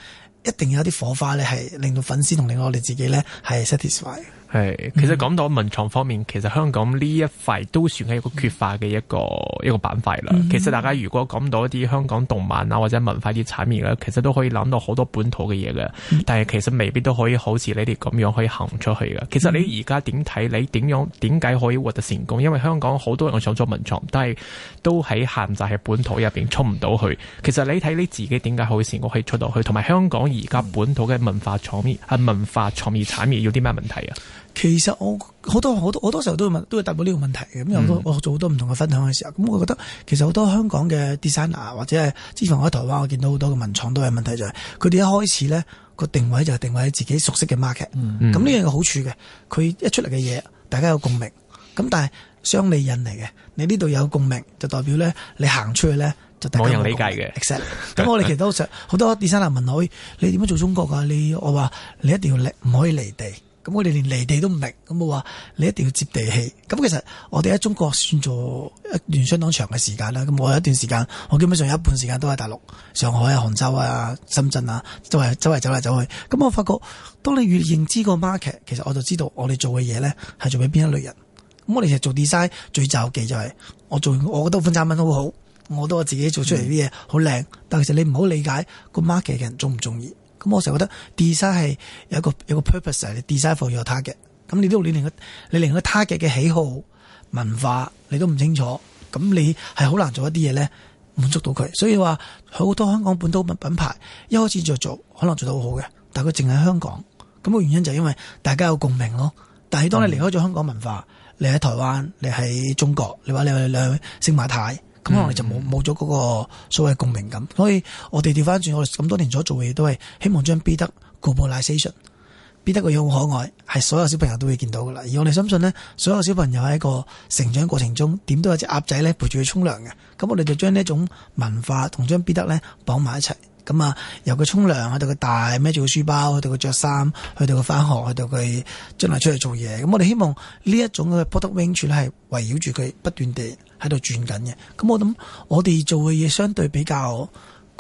[SPEAKER 3] 一定要有啲火花咧，係令到粉絲同令我哋自己咧，係 satisfy 嘅。係，其實
[SPEAKER 1] 講到文創方面，其實香港呢一塊都算係一個缺乏嘅一個一個板塊啦。其實大家如果講到一啲香港動漫啊或者文化啲產業咧，其實都可以諗到好多本土嘅嘢嘅，但係其實未必都可以好似你哋咁樣可以行出去嘅。其實你而家點睇？你點樣？點解可以獲得成功？因為香港好多人想做文創，但係都喺限制喺本土入邊出唔到去。其實你睇你自己點解可以成功可以出到去？同埋香港而家本土嘅文化創意係文化創意產業有啲咩問題啊？
[SPEAKER 3] 其實我好多好多好多時候都會問，都會答到呢個問題嘅。咁有好多我做好多唔同嘅分享嘅時候，咁我覺得其實好多香港嘅 designer 或者係之前我喺台灣，我見到好多嘅文創都係問題，就係，佢哋一開始咧個定位就係定位喺自己熟悉嘅 market，嗯。咁呢樣嘅好處嘅，佢一出嚟嘅嘢，大家有共鳴。咁但係雙利引嚟嘅，你呢度有共鳴，就代表咧你行出去咧就大家有。冇人理解嘅。咁我哋其實都好多 designer 問我，你點樣做中國㗎？你我話你一定要唔可以離地。咁我哋連離地都唔明，咁我話你一定要接地氣。咁其實我哋喺中國算做一段相當長嘅時間啦。咁我有一段時間，我基本上有一半時間都喺大陸、上海啊、杭州啊、深圳啊，周圍周圍走嚟走去。咁我發覺，當你越認知個 market，其實我就知道我哋做嘅嘢呢係做俾邊一類人。咁我哋其實做 design 最就忌就係我做，我覺得款產品好好，我覺得我自己做出嚟啲嘢好靚。嗯、但其實你唔好理解個 market 嘅人中唔中意。咁我成日覺得 design 係有個有個 purpose 嚟 design for your target。咁你都你連個你連個 target 嘅喜好、文化你都唔清楚，咁你係好難做一啲嘢咧滿足到佢。所以話好多香港本土品牌一開始就做，可能做得好好嘅，但係佢淨喺香港。咁、那個原因就係因為大家有共鳴咯。但係當你離開咗香港文化，嗯、你喺台灣，你喺中國，你話你去你去星馬泰。咁、嗯、我哋就冇冇咗嗰個所謂共鳴感，所以我哋調翻轉，我哋咁多年所做嘅嘢都係希望將 B Duck globalization，B Duck 個嘢好可愛，係所有小朋友都會見到噶啦。而我哋相信呢，所有小朋友喺一個成長過程中，點都有隻鴨仔咧陪住佢沖涼嘅。咁我哋就將呢一種文化同將 B Duck 咧綁埋一齊。咁啊，由佢沖涼去到佢大，孭住個書包去到佢着衫，去到佢翻學，去到佢將來出嚟做嘢。咁我哋希望呢一種嘅 product range 住咧係圍繞住佢不斷地，喺度轉緊嘅，咁我諗我哋做嘅嘢相對比較，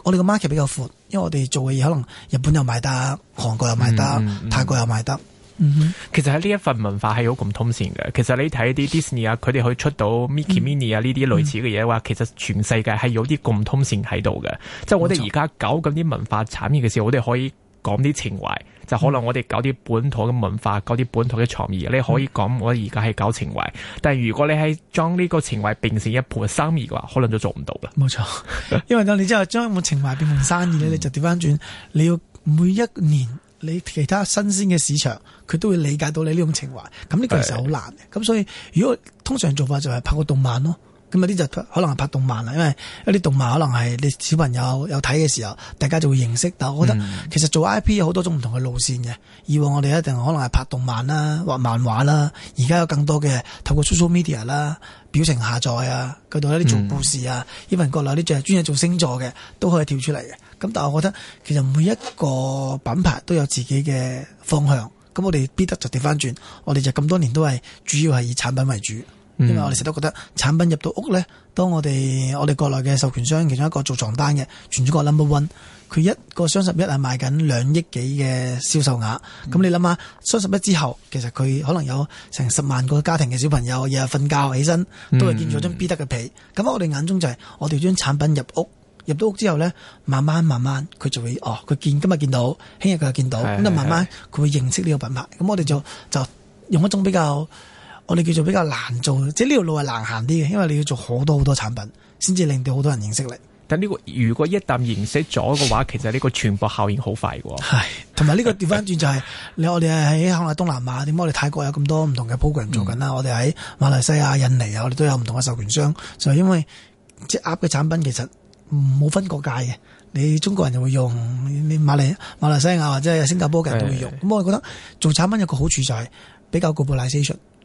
[SPEAKER 3] 我哋個 market 比較闊，因為我哋做嘅嘢可能日本又賣得，韓國又賣得，嗯嗯、泰國又賣得。嗯嗯、
[SPEAKER 1] 其實喺呢一份文化係有共通性嘅。其實你睇啲 Disney 啊，佢哋可以出到 Mickey Minnie 啊呢啲類似嘅嘢話，其實全世界係有啲共通性喺度嘅。嗯、即係我哋而家搞緊啲文化產業嘅時候，錯我哋可以講啲情懷。就可能我哋搞啲本土嘅文化，嗯、搞啲本土嘅創意。你可以講我而家係搞情懷，嗯、但係如果你係將呢個情懷變成一盤生意嘅話，可能都做唔到啦。
[SPEAKER 3] 冇錯，因為當你之後將個情懷變成生意咧，嗯、你就調翻轉，你要每一年你其他新鮮嘅市場，佢都會理解到你呢種情懷。咁呢個其實好難嘅。咁是的 所以如果通常做法就係拍個動漫咯。咁有啲就可能係拍動漫啦，因為一啲動漫可能係你小朋友有睇嘅時候，大家就會認識。但係我覺得其實做 IP 有好多種唔同嘅路線嘅。嗯、以往我哋一定可能係拍動漫啦、畫漫畫啦，而家有更多嘅透過 social media 啦、表情下載啊，嗰度一啲做故事啊，even 閣樓呢仲係專做星座嘅，都可以跳出嚟嘅。咁但係我覺得其實每一個品牌都有自己嘅方向。咁我哋必得就調翻轉，我哋就咁多年都係主要係以產品為主。因為我哋成日都覺得產品入到屋咧，當我哋我哋國內嘅授權商其中一個做床單嘅，全中國 number one，佢一個雙十一係賣緊兩億幾嘅銷售額，咁、嗯、你諗下雙十一之後，其實佢可能有成十萬個家庭嘅小朋友，日日瞓覺起身都係見咗張 B 得嘅被，咁喺、嗯、我哋眼中就係、是、我哋將產品入屋，入到屋之後咧，慢慢慢慢佢就會哦，佢見今日見到，聽日佢又見到，咁的就慢慢佢會認識呢個品牌，咁我哋就就用一種比較。我哋叫做比較難做，即係呢條路係難行啲嘅，因為你要做好多好多產品，先至令到好多人認識你。
[SPEAKER 1] 但呢、呢個如果一旦認識咗嘅話， 其實呢個傳播效應好快嘅喎。係，
[SPEAKER 3] 同埋呢個調翻轉就係、係， 你我哋喺行喺東南亞，點解我哋泰國有咁多唔同嘅 program 做緊啦？嗯、我哋喺馬來西亞、印尼啊，我哋都有唔同嘅授權商。就係因為即係鴨嘅產品，其實冇分國界嘅。你中國人就會用，你馬嚟馬來西亞或者係新加坡嘅人都會用。咁我覺得做產品有個好處就係比較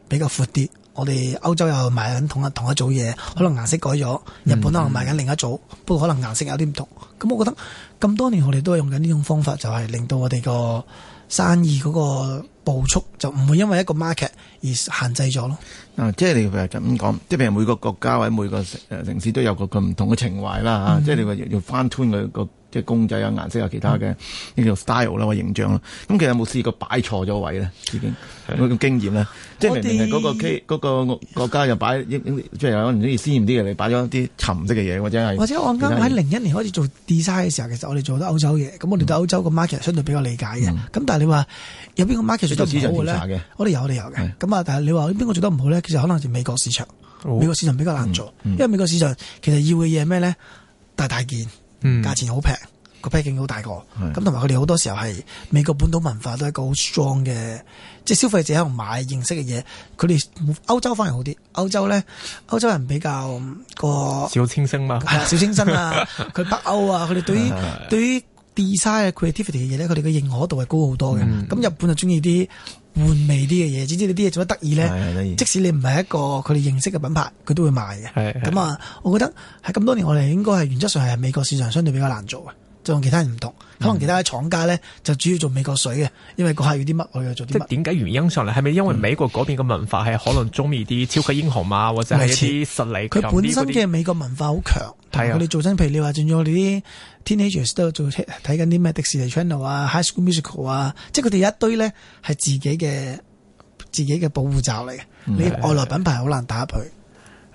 [SPEAKER 3] 比較闊啲，我哋歐洲又賣緊同一同一組嘢，可能顏色改咗。日本可能賣緊另一組，嗯、不過可能顏色有啲唔同。咁我覺得咁多年我哋都係用緊呢種方法，就係、是、令到我哋個生意嗰個步速就唔會因為一個 market 而限制咗咯。啊、
[SPEAKER 2] 嗯，即係你就咁講，即係譬如每個國家或者每個城誒城市都有個佢唔同嘅情懷啦嚇，即係你話要 fine tune 佢即係公仔啊、顏色，啊、其他嘅呢叫 style 啦、啊，個形象啦、啊。咁其實有冇試過擺錯咗位咧？已經嗰個經驗咧， 即係明明係嗰個嗰 國家又擺即係有啲唔中意鮮豔啲嘅，你擺咗啲沉色嘅嘢，或者係或者我啱喺
[SPEAKER 3] 零一年開始做 design 嘅時候，其實我哋做得歐洲嘢。咁、嗯、我哋對歐洲個 market 相對比較理解嘅。咁、嗯、但係你話有邊個 market 做市場調查嘅？我哋有，我哋有嘅。咁啊的，但係你話邊個做得唔好咧？其實可能就美國市場。嗯、美國市場比較難做，因為美國市場其實要嘅嘢係咩咧？大大件。嗯、價錢好平，個 packing 好大個，咁同埋佢哋好多時候係美國本土文化都係一個好 strong 嘅，即、就、係、是、消費者喺度買認識嘅嘢，佢哋歐洲反而好啲，歐洲咧歐洲人比較個小
[SPEAKER 1] 清新嘛，小清新啊，
[SPEAKER 3] 佢 北歐啊，佢哋對於 對於，於 design creativity 嘅嘢咧，佢哋嘅認可度係高好多嘅，咁、嗯、日本就中意啲。換味啲嘅嘢，只知你啲嘢做得得意呢？即使你唔係一個佢哋認識嘅品牌，佢都會賣嘅。咁啊，我覺得喺咁多年，我哋應該係原則上係美國市場相對比較難做嘅。就同其他人唔同，可能、嗯、其他廠家呢，就主要做美國水嘅，因為個客要啲乜，我要做啲乜。即係
[SPEAKER 1] 點解原因上嚟，係咪因為美國嗰邊嘅文化係可能中意啲超級英雄啊，或者啲實力？佢、嗯、本身嘅
[SPEAKER 3] 美國文化好強。佢哋做親譬如你仲要咗我哋啲《Teenagers》都做睇緊啲咩《迪士尼 Channel》啊，《High School Musical》啊，即係佢哋一堆呢，係自己嘅自己嘅保護罩嚟嘅，你、嗯、外來品牌好難打入去。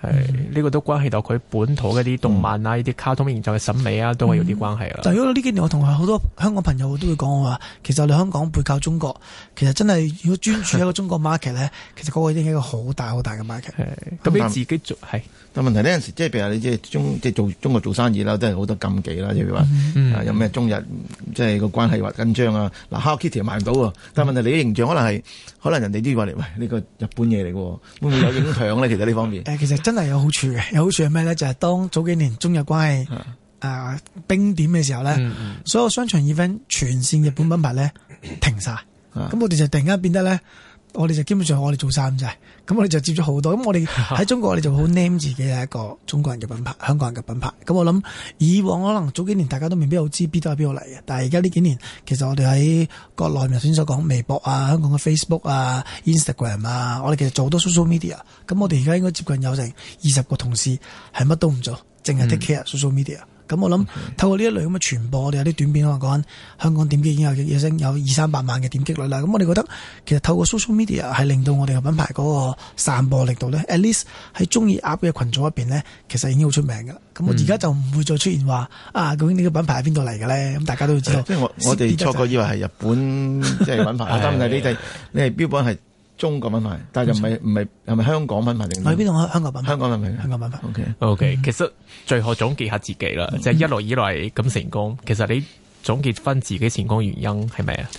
[SPEAKER 1] 係呢、嗯、個都關係到佢本土一啲動漫啊，呢啲、嗯、卡通形象嘅審美啊，都係有啲關係啊、嗯。就
[SPEAKER 3] 因為如果呢幾年我同埋好多香港朋友都會講我話，其實你香港背靠中國，其實真係如果專注一個中國 market 咧， 其實嗰個已經係一個好大好大嘅 market。咁、嗯嗯、你自
[SPEAKER 2] 己做係。但問題咧，即係譬如你即係中即係做中國做生意啦，都係好多禁忌啦。譬如話、嗯啊，有咩中日、嗯、即係個關係或緊張啊？嗱，Hello Kitty 都賣唔到喎。但問題你嘅形象可能係，可能人哋都要話你，喂，呢個日本嘢嚟嘅，會唔會有影響呢？ 其實呢方面誒、
[SPEAKER 3] 呃，其實真係有好處嘅，有好處係咩呢？就係、是、當早幾年中日關係啊、呃、冰點嘅時候呢，嗯嗯、所有商場已經全線日本品牌咧停晒。咁我哋就突然間變得咧。我哋就基本上我哋做三啫，咁我哋就接咗好多。咁我哋喺中國，我哋就好 name 自己係一個中國人嘅品牌、香港人嘅品牌。咁我諗以往可能早幾年大家都未必好知 B 多係邊度嚟嘅，但係而家呢幾年，其實我哋喺國內，頭先所講，微博啊、香港嘅 Facebook 啊、Instagram 啊，我哋其實做好多 social media。咁我哋而家應該接近有成二十個同事係乜都唔做，淨係 take care social media。嗯咁我諗透過呢一類咁嘅傳播，我哋有啲短片可能講緊香港點擊已經有有升有二三百萬嘅點擊率啦。咁我哋覺得其實透過 social media 係令到我哋嘅品牌嗰個散播力度呢 at least 喺中意鴨嘅群組入邊呢，其實已經好出名㗎喇。咁我而家就唔會再出現話啊，究竟呢個品牌喺邊度嚟嘅呢？咁大家都要知道。即係、嗯嗯、我哋錯過以
[SPEAKER 2] 為係日本即係、就是、品牌。啊，但係你係你係標本係。中國品牌，但係就唔係唔係係咪香港品牌定？喺邊
[SPEAKER 3] 度啊？香港品牌。香港係咪？香港品牌。O K O K，其
[SPEAKER 1] 實最後總結下自己啦，就係、是、一路以來咁成功。Mm hmm. 其實你總結翻自己成功原因係咪啊？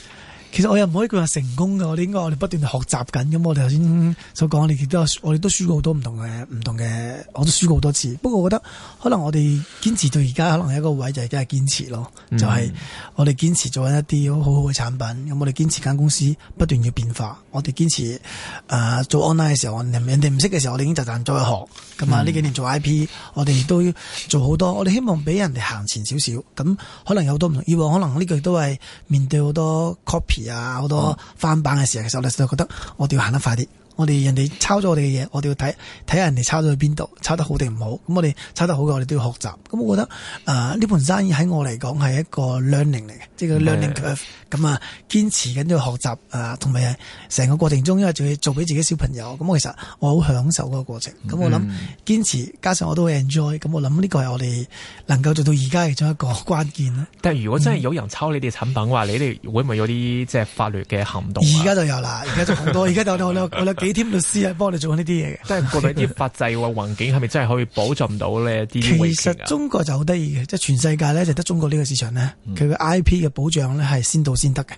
[SPEAKER 3] 其實我又唔可以講話成功㗎，我哋應該我哋不斷學習緊。咁我哋頭先所講，我哋都我哋都輸過好多唔同嘅唔同嘅，我都輸過好多次。不過我覺得可能我哋堅持到而家，可能係一個位就係即係堅持咯。就係、是、我哋堅持做緊一啲好好嘅產品，咁我哋堅持間公司不斷要變化，我哋堅持誒、呃、做 online 嘅時候，人哋唔識嘅時候，我哋已經就趁早去學。咁啊！呢、嗯、幾年做 IP，我哋都做好多，我哋希望俾人哋行前少少。咁可能有多唔同，以往可能呢句都係面對好多 copy 啊，好、嗯、多翻版嘅時候，其實我就覺得我哋要行得快啲。我哋人哋抄咗我哋嘅嘢，我哋要睇睇下人哋抄咗去邊度，抄得好定唔好？咁我哋抄得好嘅，我哋都要學習。咁我覺得誒呢盤生意喺我嚟講係一個 learning 嚟嘅，即係 learning curve、嗯。咁啊、嗯，堅持緊都要學習啊，同埋成個過程中，因為仲要做俾自己小朋友。咁其實我好享受嗰個過程。咁我諗堅持，加上我都 enjoy。咁我諗呢個係我哋能夠做到而家其中一個關鍵啦。
[SPEAKER 1] 嗯、但係如果真係有人抄你哋產品嘅話，你哋會唔會有啲即係法律嘅行動？而家
[SPEAKER 3] 就有啦，而家就好多，而家就好多。 啲律師係幫你做緊呢啲嘢嘅，即係嗰啲
[SPEAKER 1] 法制或環境係咪真係可以保障到呢啲？其實
[SPEAKER 3] 中國就好得意嘅，即係全世界咧就得中國呢個市場咧，佢個 IP 嘅保障咧係先到先得嘅，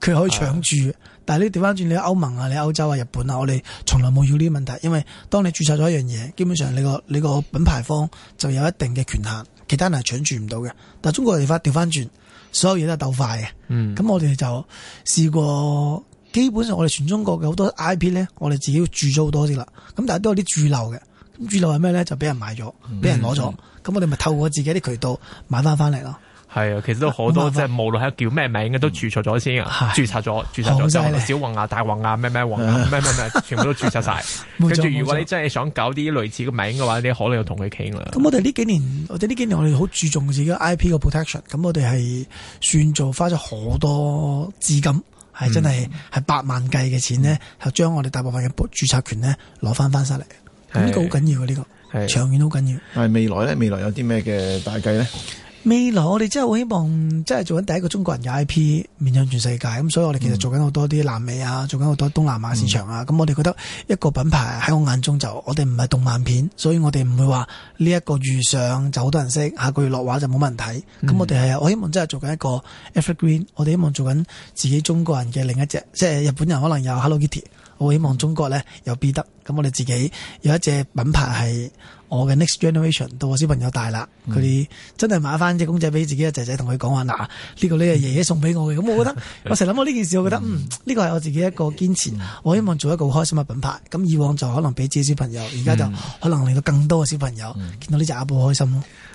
[SPEAKER 3] 佢可以搶住。啊、但係你調翻轉，你歐盟啊，你歐洲啊，日本啊，我哋從來冇要呢啲問題，因為當你注冊咗一樣嘢，基本上你個你個品牌方就有一定嘅權限，其他人係搶住唔到嘅。但係中國嘅地方調翻轉，所有嘢都係鬥快嘅。嗯，咁我哋就試過。基本上我哋全中國嘅好多 I P 咧，我哋自己注咗好多啲啦。咁但係都有啲住留嘅。咁住留係咩咧？就俾人買咗，俾人攞咗。咁我哋咪透過自己啲渠道買翻翻嚟咯。
[SPEAKER 1] 係啊，其實都好多即係無論係叫咩名嘅都註冊咗先啊，註冊咗，註冊咗小黃牙、大黃牙咩咩黃牙，咩咩咩，全部都註冊晒。跟住如果你真係想搞啲類似嘅名嘅話，你可能要同佢傾啦。咁我哋
[SPEAKER 3] 呢幾年，我哋呢幾年我哋好注重自己 I P 嘅 protection。咁我哋係算做花咗好多資金。係真係係八萬計嘅錢呢，就將我哋大部分嘅註冊權呢，攞翻翻晒嚟，咁呢是、呢個好緊是要嘅，呢個
[SPEAKER 2] 長遠好緊要。但係未來呢，未來有啲咩嘅大計呢？
[SPEAKER 3] 未來我哋真係好希望，真係做緊第一個中國人嘅 I P 面向全世界。咁所以我哋其實做緊好多啲南美啊，做緊好多東南亞市場啊。咁、嗯、我哋覺得一個品牌喺我眼中就，我哋唔係動漫片，所以我哋唔會話呢一個遇上就好多人識，下個月落畫就冇人睇。咁、嗯、我哋係我希望真係做緊一個 e f f o r t g r e e n 我哋希望做緊自己中國人嘅另一隻，即係日本人可能有 Hello Kitty。我希望中國咧有 B.Duck，咁我哋自己有一隻品牌係我嘅 next generation，到我小朋友大啦，佢哋、嗯、真係買翻隻公仔俾自己嘅仔仔，同佢講話嗱，呢、啊這個呢係爺爺送俾我嘅，咁我覺得、嗯、我成日諗我呢件事，我覺得嗯呢個係我自己一個堅持，我希望做一個好開心嘅品牌。咁以往就可能俾自己小朋友，而家就可能令到更多嘅小朋友、嗯、見到呢隻阿布開心咯。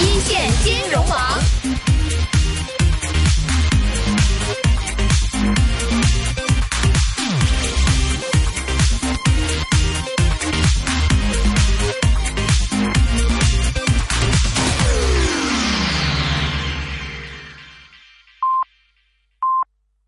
[SPEAKER 3] 一線金融王。